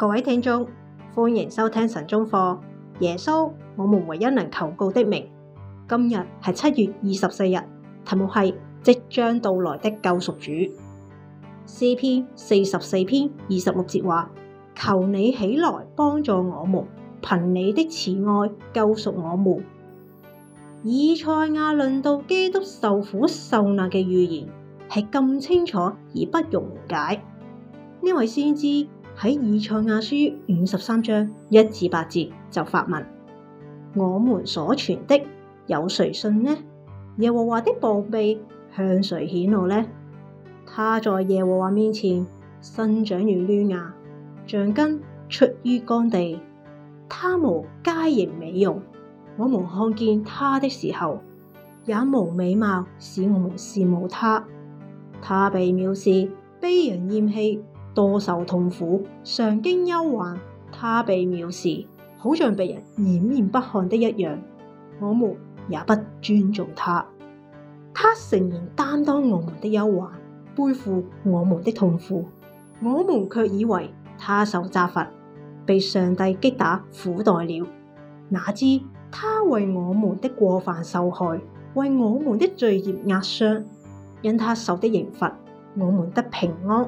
各位聽眾，歡迎收聽神中課。耶穌，我們唯一能求告的名。今日係七月二十四日，題目係即將到來的救贖主。詩篇四十四篇二十六節話：求你起來幫助我們，憑你的慈愛救贖我們。以賽亞論到基督受苦受難嘅預言係咁清楚而不容解，呢位先知。喺以賽亞書五十三章一至八節就發問：我們所傳的有誰信呢？耶和華的膀臂向誰顯露呢？他在耶和華面前生長如嫩芽，像根出於乾地。他無佳形美容，我們看見他的時候也無美貌，使我們羨慕他。他被藐視，被人厭棄。多受痛苦，常經憂患。他被藐視，好像被人掩面不看的一樣。我們也不尊重他。他誠然擔當我們的憂患，背負我們的痛苦。我們卻以為他受責罰，被上帝擊打苦待了。哪知他為我們的過犯受害，為我們的罪孽壓傷。因他受的刑罰，我們得平安。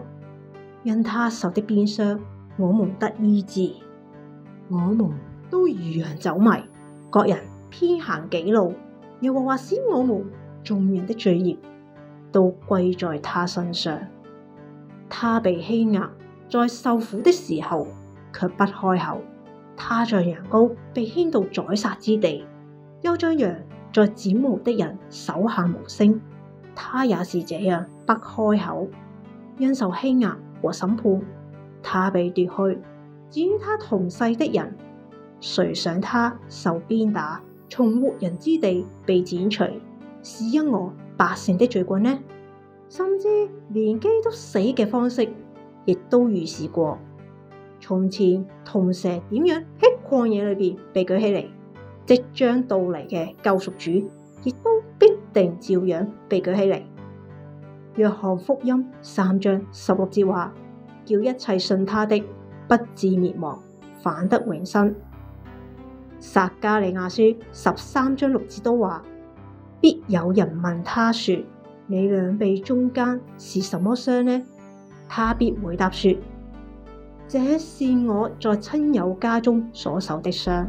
因他受的鞭傷，我們得醫治；我們都如羊走迷，各人偏行己路，耶和華使我們眾人的罪孽都歸在他身上。他被欺壓，在受苦的時候卻不開口；他像羊羔被牽到宰殺之地，又將羊在剪毛的人手下無聲，他也是這樣、啊、不開口，因受欺壓，和審判，他被奪去。至於他同世的人，誰想他受鞭打，從活人之地被剪除，是因我百姓的罪過呢？甚至連基督死嘅方式，亦都預示過。從前銅蛇點樣喺曠野裏邊被舉起嚟，即將到嚟嘅救贖主亦都必定照樣被舉起嚟。約翰福音三章十六節話，叫一切信他的不至滅亡，反得永生。撒加利亞書十三章六節都話，必有人問他說，你兩臂中間是什麼傷呢？他必回答說，這是我在親友家中所受的傷。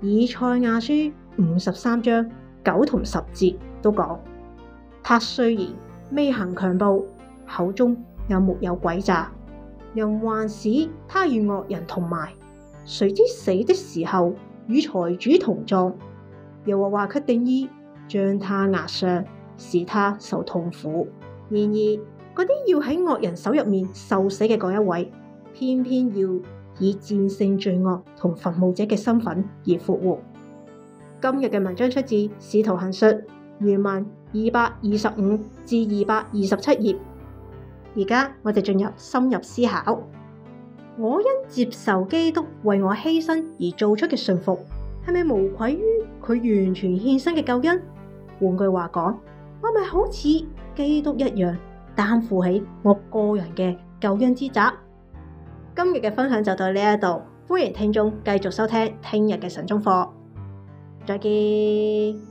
以賽亞書五十三章九同十節都講。他雖然未行強暴，口中又沒有詭詐，人還使他與惡人同埋，誰知死的時候與財主同葬。耶和華卻定意，將他壓傷，使他受痛苦。然而，嗰啲要喺惡人手入面受死嘅嗰一位，偏偏要以戰勝罪惡同墳墓者嘅身份而復活。今日嘅文章出自《使徒行述》。原文二百二十五至二百二十七頁，而家我哋進入深入思考。我因接受基督為我犧牲而做出嘅順服，係咪無愧於佢完全獻身嘅救恩？換句話講，我咪好似基督一樣，擔負起我個人嘅救恩之責？今日嘅分享就到呢一度，歡迎聽眾繼續收聽聽日嘅神中課。再見。